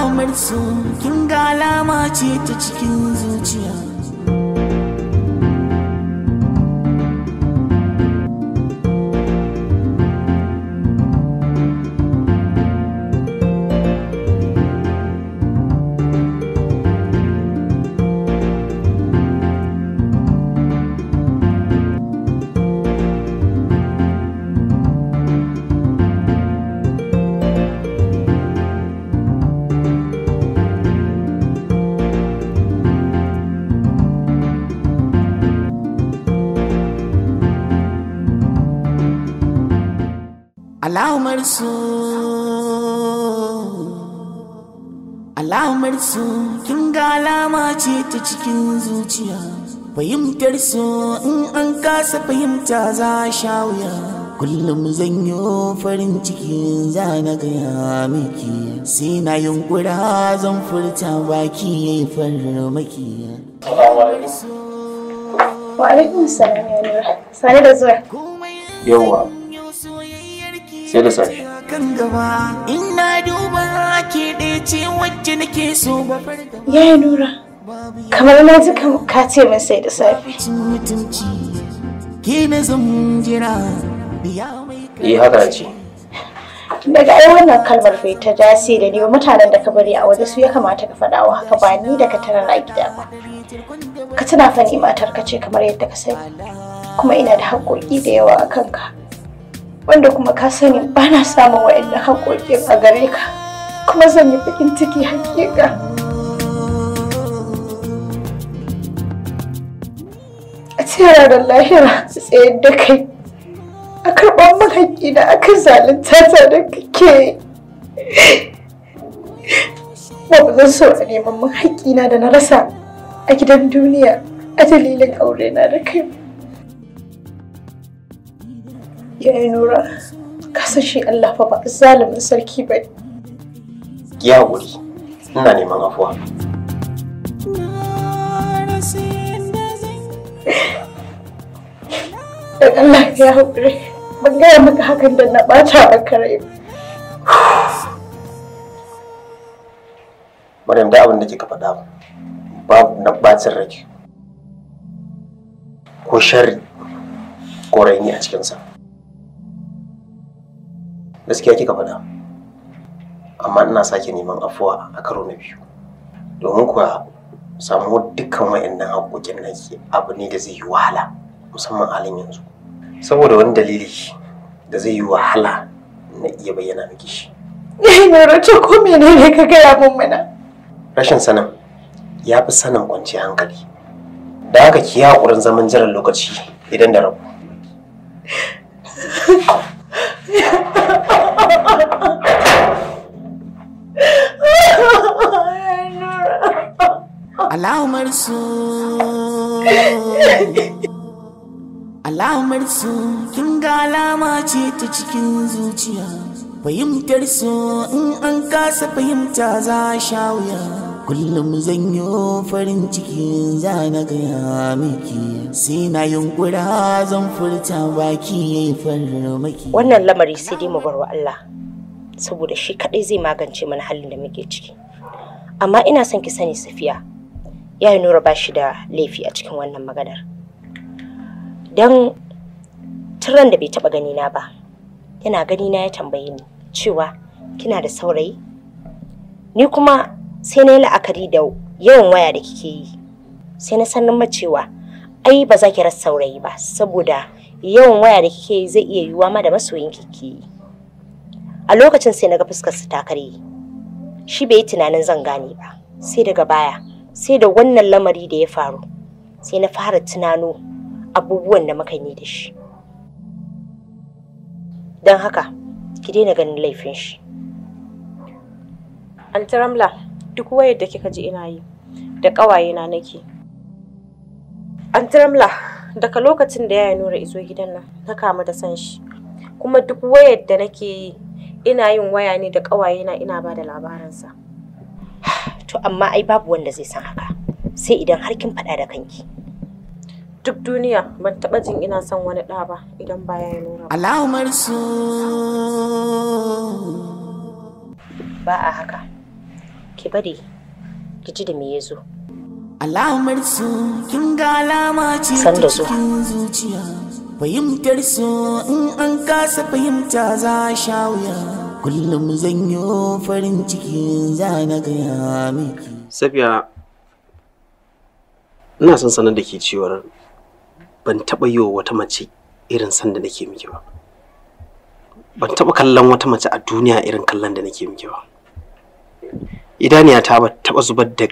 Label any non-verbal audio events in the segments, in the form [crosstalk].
alamar su kin ga ce ta cikin zuciya Allah marsu Allah marsu kin ga alama ce ta cikin zuciya fahimtar su in an kasa fahimta za a sha wuya kullum zan yi farin ciki za na gaya miki sai na yunkura zan furta baki ya yi farin farmaki wa alaikun sani da zuwa yawwa sai da safe ina duba ke ce wacce so ba yaya nura kamar na ji ka ce min sai da safe ke na eh, haka ce daga ai wannan kalmar bai ta dace da ba mutanen da ka bari a waje su ya kamata ka faɗa wa haka ba ni da ka tarar a gida ba ka tuna fa ni matar ka ce kamar yadda ka sani kuma ina da haƙoƙi da yawa a kanka wanda kuma ka sani ba na samun wa'annan haƙoƙin a gare ka kuma zan yi bikin ciki hakika a tsira da lahira su tsayar da kai a karɓar min haƙi a kan zalunta ta da kake ba ba zan so a neman min na da na rasa a gidan duniya a dalilin aure na da kai yayi nura kasa shi Allah fa ba zalimin sarki ba ya wuri ina neman afuwa dan Allah ya haƙuri ban gaya maka hakan da na ɓata a kare Maryam da abin da kika faɗa babu na ɓacin rake ko sharri ko raini a cikinsa. gaskiya kika faɗa amma ina sake neman afuwa a karo na biyu domin kuwa samu dukkan wa'annan haƙoƙin naki abu ne da zai yi wahala musamman halin yanzu saboda wani dalili da zai yi wahala na iya bayyana miki shi [laughs] na race ko menene ka gaya mun mana rashin sanin ya fi sanin kwanciyar hankali da haka ki haƙurin zaman jiran lokaci idan da rabu [laughs] alamar su alamar su kin ga alama ce ta cikin zuciya fahimtar su in an kasa fahimta za a sha wuya kullum zan yi farin ciki za na gaya miki sai na yunkura zan furta baki ya yi farmaki wannan lamari sai dai mu bar wa Allah saboda shi kadai zai magance mana halin da muke ciki amma ina son ki sani safiya yayi nura ba shi da laifi a cikin wannan maganar don turan da bai taba gani na ba yana gani na ya tambaye ni cewa kina da saurayi ni kuma sai na yi la'akari da yawan waya da kike yi sai na sannan ma cewa ai ba za ki rasa saurayi ba saboda yawan waya da kike yi zai iya yiwuwa ma da masoyin kike yi a lokacin sai na ga fuskar su ta karye shi bai yi tunanin zan gane ba sai daga baya sai da wannan lamari da ya faru sai na fara tunano abubuwan da muka yi da shi don haka ki daina ganin laifin shi altaramla duk wayar da kika ji ina yi da ƙawayena nake Antaramla, daga lokacin da yaya nura izo gidan nan na kama da san shi kuma duk wayar da nake yi ina yin waya ne da ƙawayena ina ba da labaransa to amma ai babu wanda zai san haka sai idan har kin faɗa da kanki duk duniya ban taɓa jin ina son wani ɗa ba idan baya ya nuna ba. su ba a haka ki bari ki ji da me ya zo alamar su kin ga alama ce ta cikin zuciya fahimtar su in an kasa fahimta za a sha wuya kullum zan yi farin ciki za na gaya miki safiya ina son sanar da ke cewar ban taɓa yi wa wata mace irin san da nake miki ba ban taɓa kallon wata mace a duniya irin kallon da nake miki ba idaniya ta ba taɓa zubar da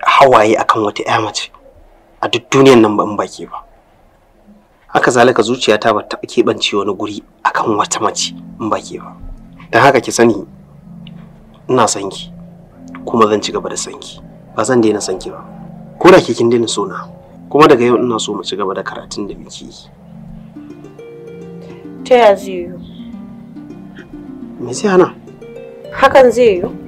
hawaye akan wata 'ya mace a duk duniyan nan ba in baki ba haka zalika zuciyata ba taɓa keɓance wani guri akan wata mace in baki ba da haka ki sani ina son ki kuma zan ci gaba da son ki ba zan daina son ki ba ko da ke kin daina so na kuma daga yau ina so mu ci gaba da karatun da muke yi ta zai yiwu me zai hana hakan zai yiwu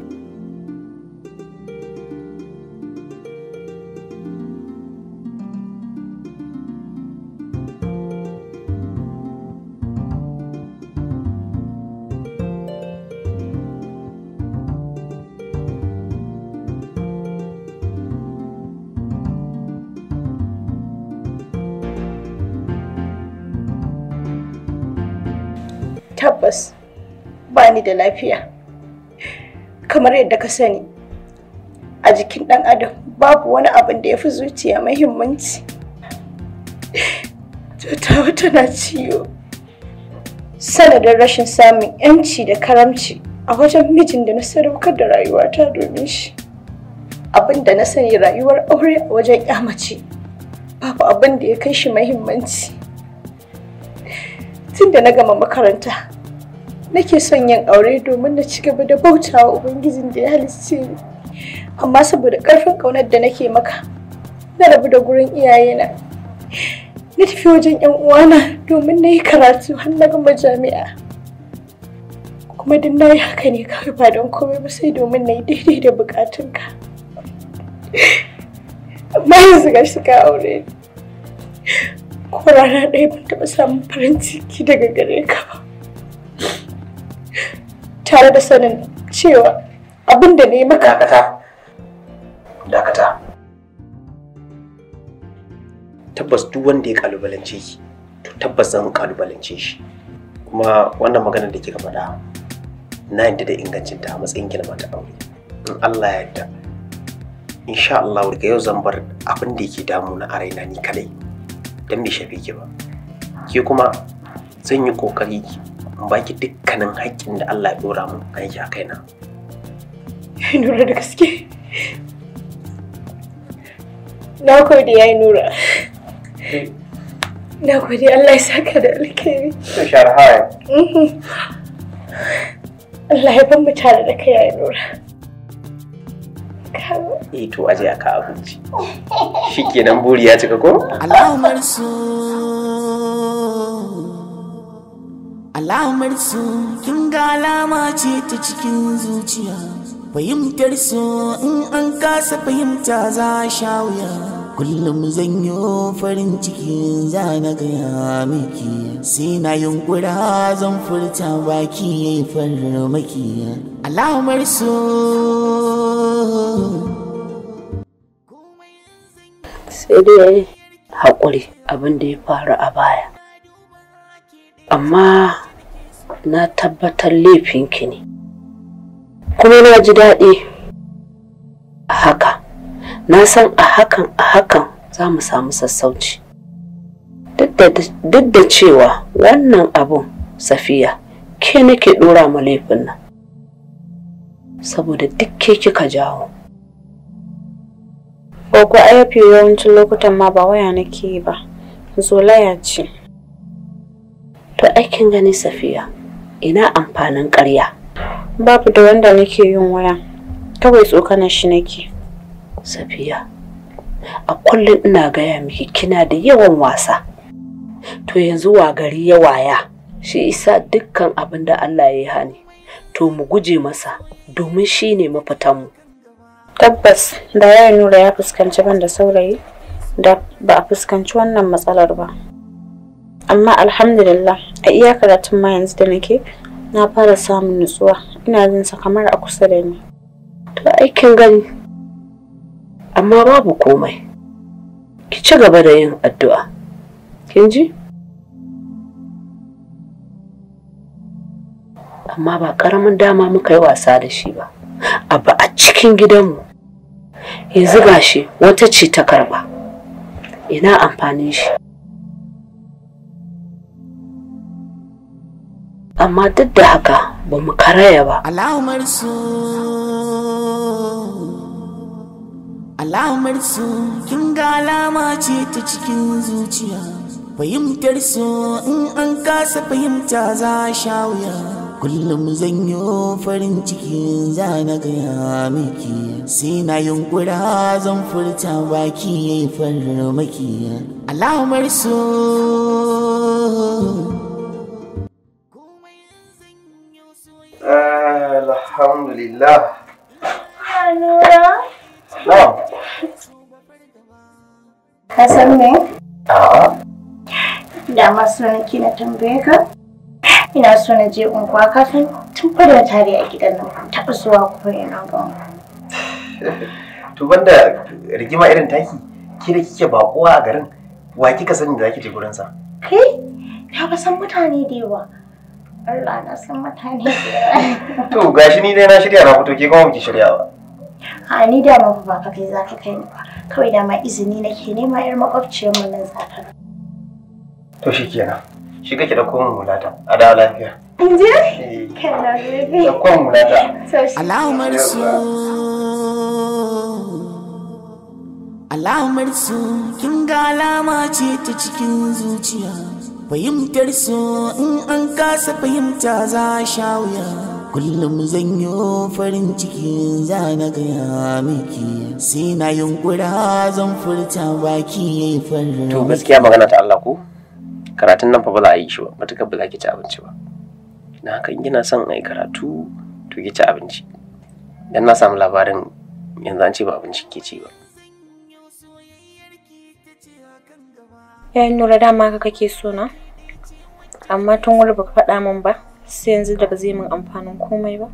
ba da lafiya kamar yadda ka sani a jikin ɗan adam babu wani abin da ya fi zuciya mahimmanci cuta tana ciwo sanadin rashin samun yanci da karamci a wajen mijin da na sadaukar da rayuwata domin shi abin da na sani rayuwar aure a wajen mace babu abin da ya kai shi mahimmanci tun da na gama makaranta nake son yin aure domin na ci da bautawa ubangijin da ya halicce ni amma saboda ƙarfin ƙaunar da nake maka na rabu da gurin iyayena na tafi wajen yan uwana domin na yi karatu har na gama jami'a kuma duk na yi haka ne kawai ba don komai ba sai domin na yi daidai da buƙatunka. amma yanzu ga shi ka aure ko rana ɗaya ban taɓa samun farin ciki daga gare ka ba tare da sanin cewa abin da ne maka dakata dakata tabbas duk wanda ya kalubalance ki to tabbas zan kalubalance shi kuma wannan magana da kika faɗa na yadda da ingancinta a matsayin gina ta mata aure in Allah ya yarda insha Allah daga yau zan bar abin da yake damu na araina ni kadai dan bai shafe ki ba ke kuma zan yi kokari in baki dukkanin haƙƙin da Allah ya dora mu a yake a na. Ya nura da gaske. Na kodi ya yi nura. Na kodi Allah ya saka da alkhairi. Da sharhaya. Mhm. Allah ya ban tare da kai ya yi nura. Eh to aje aka abinci. Shikenan buri ya cika ko? Allahumma rasul alamar su kin ga alama ce ta cikin zuciya fahimtar su in an kasa fahimta za sha wuya kullum zan yi farin ciki za na gaya miki sai na yunkura zan furta baki ya yi farmaki alamar su sai dai haƙuri abin da ya faru a baya amma na tabbatar laifin ki ne kuma na ji daɗi a haka na san a hakan a hakan za mu samu sassauci duk da cewa wannan abun safiya ke nake ɗora ma laifin nan saboda duk ke kika jawo Gogo a yafi yawancin lokutan ma ba waya nake ba, zolaya ce. To aikin gani safiya, ina amfanin ƙarya babu da wanda nake yin waya kawai tsokanar shi nake safiya a kullum ina gaya miki kina da yawan wasa to yanzu wa gari ya waya shi isa dukkan abin da Allah ya yi hani to mu guje masa domin shi ne mu. tabbas da ya nura ya fuskanci ban da saurayi da ba a fuskanci wannan matsalar ba amma alhamdulillah a iya karatun ma yanzu da nake na fara samun nutsuwa ina jin sa kamar a kusa da ni to aikin gani amma babu komai ki ci gaba da yin addu'a kin ji amma ba karamin dama muka yi wasa da shi ba abu a cikin gidanmu yanzu gashi wata ce ta karba ina amfanin shi amma duk da haka ba mu karaya ba alamar su kin ga alama ce ta cikin zuciya fahimtar su in an kasa fahimta za a sha wuya kullum zan yi farin ciki za na gaya miki sai na yunkura zan furta baki ya yi maki alamar su Alhamdulillah. Nura? Na'am. Ka san me? A'a. Da ma sunan ki na tambaye ka? Ina so na je unguwa ka tun fara tare a gidan nan taɓa zuwa ko ina ba. [laughs] To banda rigima irin taki, ki da kike baƙuwa a garin, wa kika sani da zaki je gurin sa? Kai, na san mutane da yawa. Allah na san mutane [laughs] To gashi ni dai na shirya na fito ke kuma biki shiryawa. ba. A ni da ma ba ka kai za ka kai ni ba. Kawai da ma izini nake nema yar makwabciyar mu nan za ta. To shikenan. Shi kake da komun mulata. A da lafiya. Inje? Eh. Kana bebe. Da komun mulata. Allahumma rasu. Allahumma rasu kin ga alama ce ta cikin zuciya. fahimtar su in an kasa fahimta za sha wuya kullum zan yi farin ciki za na gaya miki sai na yunkura zan furta baki ya yi farin to gaskiya magana ta Allah ko karatun nan fa ba za a yi shi ba matuƙar ba za ki ci abinci ba na kan gina son a yi karatu to ki ci abinci dan na samu labarin yanzu an ce ba abinci ke ci ba yayin nura dama ka kake so na amma tun wani baka faɗa min ba sai yanzu da ba zai min amfanin komai ba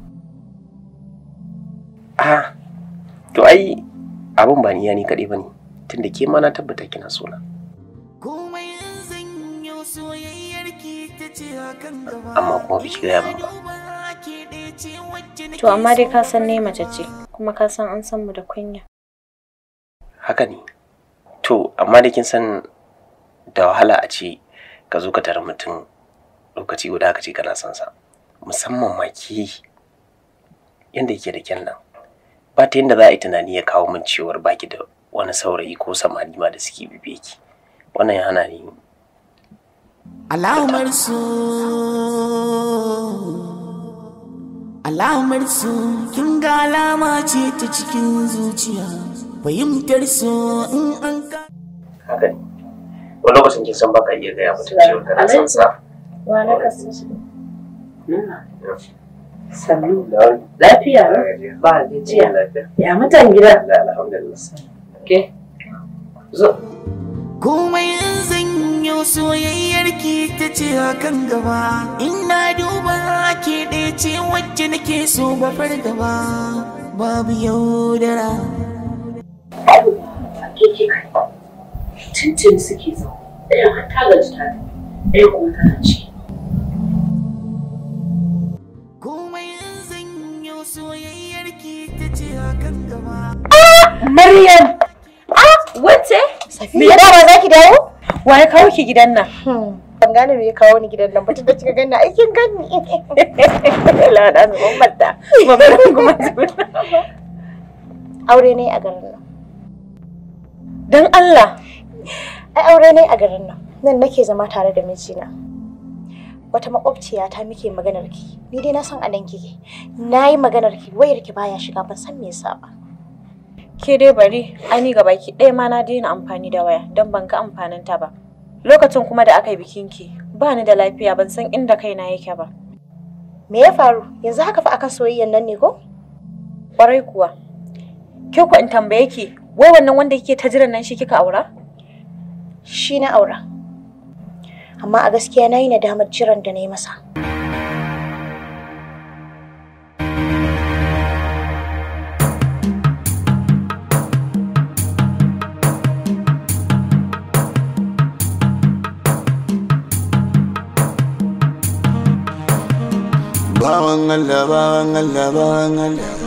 ah to ai abin ba ni ya ni kaɗai ba ne tunda ke ma na tabbata kina so na amma kuma biki gaya min ba to amma dai ka san ne mace ce kuma ka san an san mu da kunya haka ne to amma da kin san da wahala a ce ka zo ka tara mutum lokaci guda ka ce kana son sa musamman ma ke yanda yake da kyan nan ba ta yanda za a yi tunani ya kawo min cewar baki da wani saurayi ko samari ma da suke bibe ki wannan ya hana ni alamar su alamar su kin ga alama ce ta cikin zuciya fahimtar su in an wani lokacin kin san baka iya gaya mutum cewa kana san sa wa na kasu shi sannu lafiya ba gajiya ya mutan gida ke zo komai in zan yi soyayyar ki ta ce hakan gaba ina na duba ke ɗaya ce wacce nake so ba fargaba babu yaudara Thank you. tuntun suke zaune ɗaya har ta gaji ta tafi ɗaya kuma tana ci ah, Maryam! Ah, wace? Me ya ba za ki dawo? Wa ya kawo ki gidan nan? Hmm. Ban gane me ya kawo ni gidan nan ba tunda kika ganna aikin ganni. [laughs] Allah mu ummata. Babbar kuma [laughs] Aure ne a garin nan. Dan Allah, Ai aure ne a garin nan. Nan nake zama tare da mijina. Wata makwabciya ta muke maganar ki. Ni dai na san anan kike. Na yi maganar ki wayar ki baya shiga ban san me yasa ba. Ke dai bari, Ani ga baki, ɗaya ma na daina amfani da waya don ban ga amfanin ta ba. Lokacin kuma da aka yi bikin ki, ba ni da lafiya ban san inda kaina yake ba. Me ya faru? Yanzu haka fa akan soyayyan nan ne ko? Kwarai kuwa. Ke ku in tambaye ki, wai wannan wanda kike ta jiran nan shi kika aura? shi na aura amma a gaskiya na yi nadamar ciran da na yi masa Bawan Allah, bawan Allah, bawan Allah.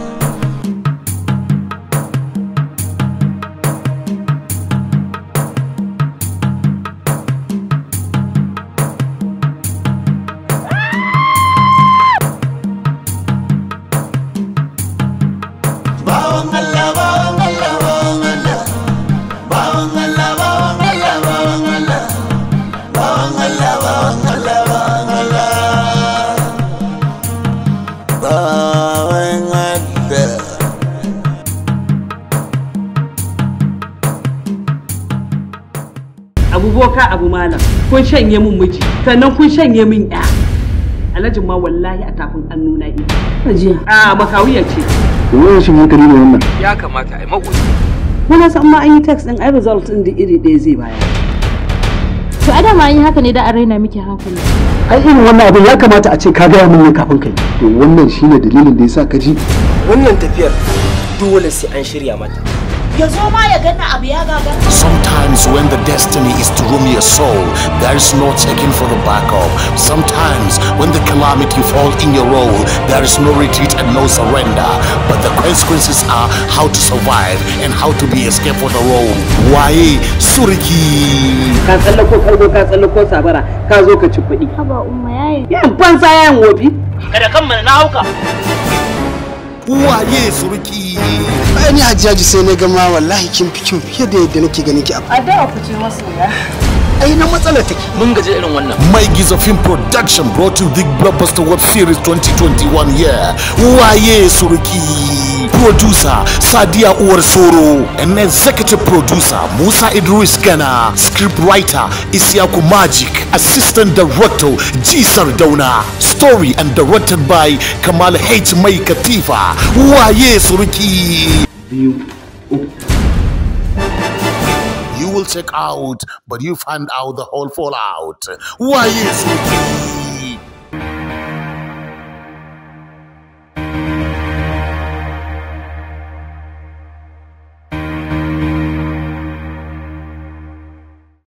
kun shanye min miji sannan kun shanye min ya Alhaji ma wallahi a tafin an nuna yi ajiya a makawiya ce wani shi hankali ne wannan ya kamata a yi makoci muna san ma an yi text din ai result din da iri ɗaya zai bayar to a dama an yi haka ne da an raina miki hankali ai irin wannan abin ya kamata a ce ka gaya min ne kafin kai to wannan shine dalilin da yasa ka ji wannan tafiyar dole sai an shirya mata Sometimes when the destiny is to ruin your soul, there is no taking for the back of. Sometimes when the calamity falls in your role, there is no retreat and no surrender. But the consequences are how to survive and how to be escaped for the role. Waye suriki. Ka tsallako kargo ka tsallako sabara ka zo ka ci kuɗi. Haba umma yayi. Kada kan mana na hauka. waye surki ai ni hajjaji sai na gama wallahi kin fi kin fiye da yadda nake ganin ki a da ku ce masoya ai na matsala take mun gaji irin wannan mai gizo film production brought you Big blockbuster web series 2021 year waye suruki producer Sadia Uwar Soro and executive producer Musa Idris Gana writer Isiaku Magic assistant director Jisar Dauna story and directed by Kamal H Mai Katifa waye suruki biyu uku will check out, but you find out the whole fallout. Why is it?